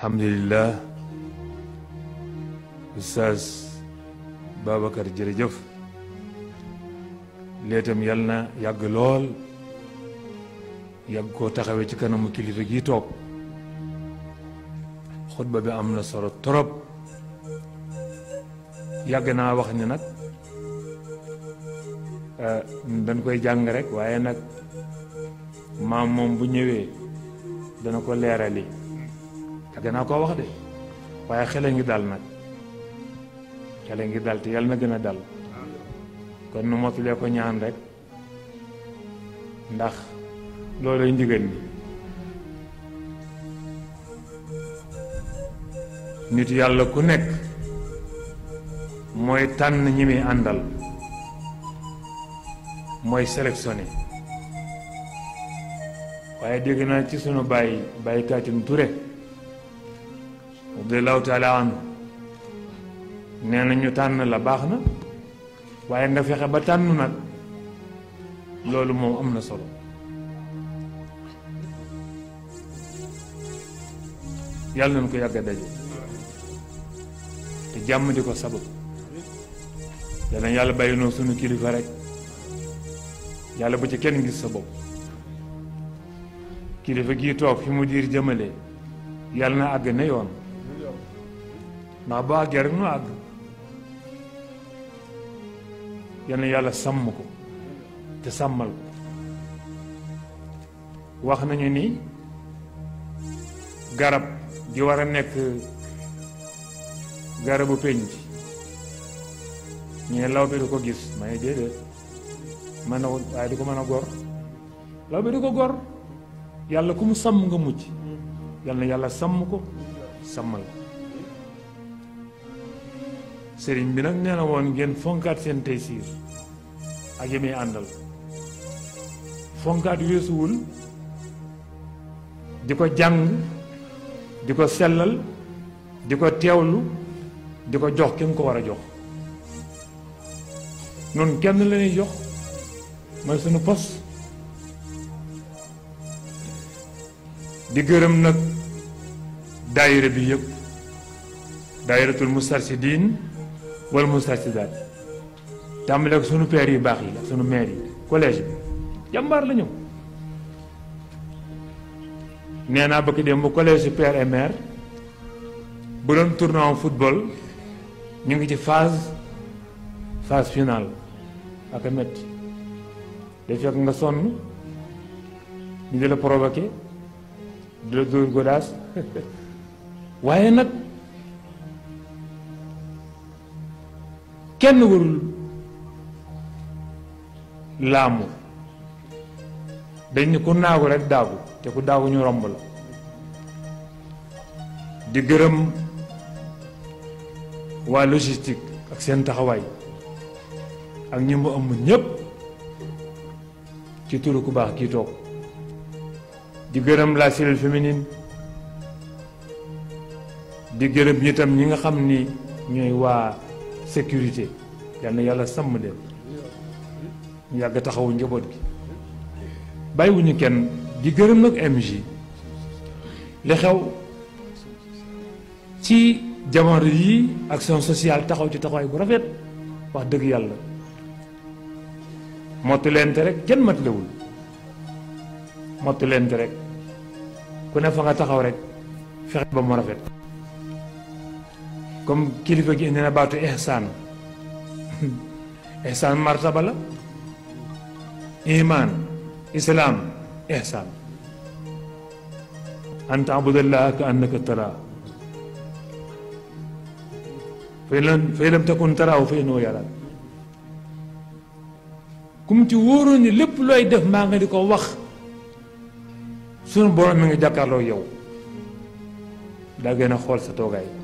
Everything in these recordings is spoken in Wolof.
alhamdulilah oustaz Babacar jërëjëf léetam yal na yàgg lool yàgg koo taxawee ci kanamu kilifa gi toog xutba bi am na solo trop yàgg naa wax ni nag eh, dañ koy jàng rek waaye nag maam moom bu ñëwee dana ko leerali danaa ko wax de waye xele ngi dal nak xele ngi dal te yalla na gën dal kon nu motulee ko ñaan rek ndax loolay ndigal ni nit yalla ku nek moy tan ñi muy àndal mooy sélectionné waye degg na ci sunu bàyyi bàyyi kaatin Touré radiallahu taala anhu nee na ñu tànn la baax na waaye nga fexe ba tànn nag loolu moom am na solo yàlla nañ ko yàgg a daje te jàmm di ko sabab yàlla yàlla bàyyi noo sunu kilifa rek yàlla bu ci kenn gis sa bopp kilifa gii toog fi mu diir jëmale yàlla na àgg na yoon nabag geriŋ no ag yal na yàlla sàmm ko te wax nañu ni garab gi war a garabu penc ñu ne law bi du ko gis ma ne déedéet mën na waaye du ko mën gor law bi du ko gor yàlla ku mu nga mucc yal na yàlla ko ko serigne bi nak neena na ngeen fonkat sen tey siir ak yemee àndal fonkaat weesuwul di ko jàng di ko sellal di jox kim ko wara jox nun kenn la lay jox ma sunu pos di geureum nak daayira bi yeb daayiratul mustarsidin wala mustasidaat tàmbale ak sunu père yu baax yi ak sunu maire yi collège bi jàmbaar la ñu naa bëgg dem bu collège su père et mère bu doon tournoi football ñu ngi ci phase phase final ak a métti day fekk nga sonn ñu di la provoqué di la dóor godaas waaye nag kenn warul laamu dañ ni ku naagu rek daagu te ku daagu ñu romb la di gërëm waa logistique ak seen taxawaay ak ñi mu ëmb ñépp ci turu ku baax kii toog di gërëm laa cellule féminine di gërëm ñi tam ñi nga xam ni ñuy waa sécurité yal yàlla sàmm leen ñu yàgg taxawu njaboot gi bàyyiwuñu kenn di gërëm nag MJ li xew ci jamono yi action sociale taxaw ci taxawaay bu rafet wax dëgg yàlla mottalente rek kenn matalewul mottalente rek ku ne fa nga taxaw rek fexe ba mu rafet. كم كيلفة جندنا باتو إحسان إحسان مرتبة لا إيمان إسلام إحسان أنت تعبد الله كأنك ترى فيلم فإن ترى تكن تراه فإنه يرى كم توروني لب لو يدف ما غير كو وخ سن بورم ني داكار لو يو دا غينا خول ساتو غاي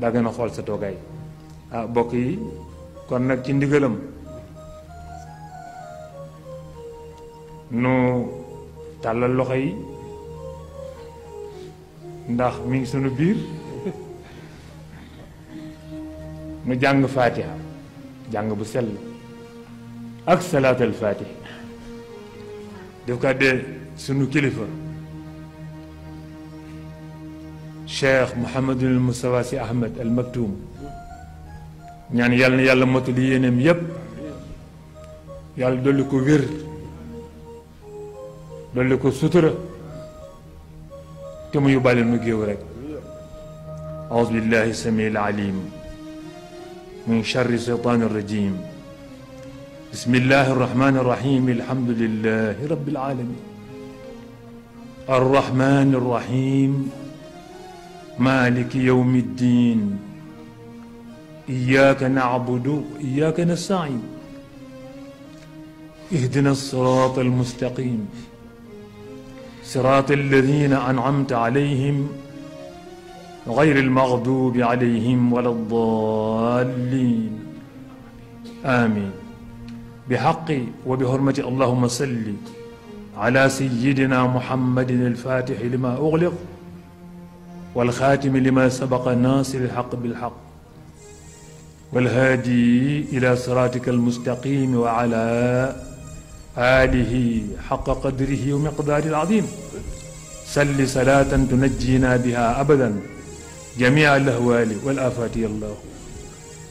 daa na xool sa toogaay ah bokk yi kon nag ci ndigalam nu tàllal loxo yi ndax mi ngi sunu biir nu jàng faatiha jàng bu sell ak salaatal faatiha daf kaa dee sunu kilifa شيخ محمد المسواسي احمد المكتوم يعني يالنا يالا متو لي ينم ييب يال دوليكو وير دوليكو ستر تي يبالي نو گيو اعوذ بالله السميع العليم من شر الشيطان الرجيم بسم الله الرحمن الرحيم الحمد لله رب العالمين الرحمن الرحيم مالك يوم الدين إياك نعبد إياك نستعين اهدنا الصراط المستقيم صراط الذين أنعمت عليهم غير المغضوب عليهم ولا الضالين آمين بحق وبحرمة اللهم صل على سيدنا محمد الفاتح لما أغلق والخاتم لما سبق ناصر الحق بالحق والهادي إلى صراطك المستقيم وعلى آله حق قدره ومقداره العظيم سل صلاة تنجينا بها أبدا جميع الأهوال والآفات يا الله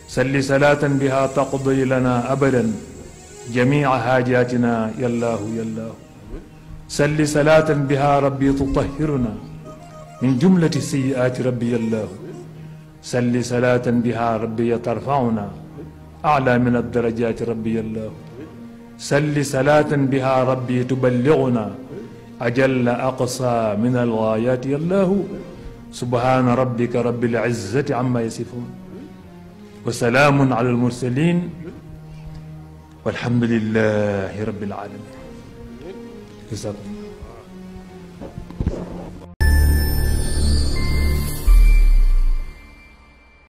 سل صلاة بها تقضي لنا أبدا جميع حاجاتنا يا الله يا الله سل صلاة بها ربي تطهرنا من جملة السيئات ربي الله سل صلاة بها ربي ترفعنا أعلى من الدرجات ربي الله سل صلاة بها ربي تبلغنا أجل أقصى من الغايات الله سبحان ربك رب العزة عما يصفون وسلام على المرسلين والحمد لله رب العالمين جزاكم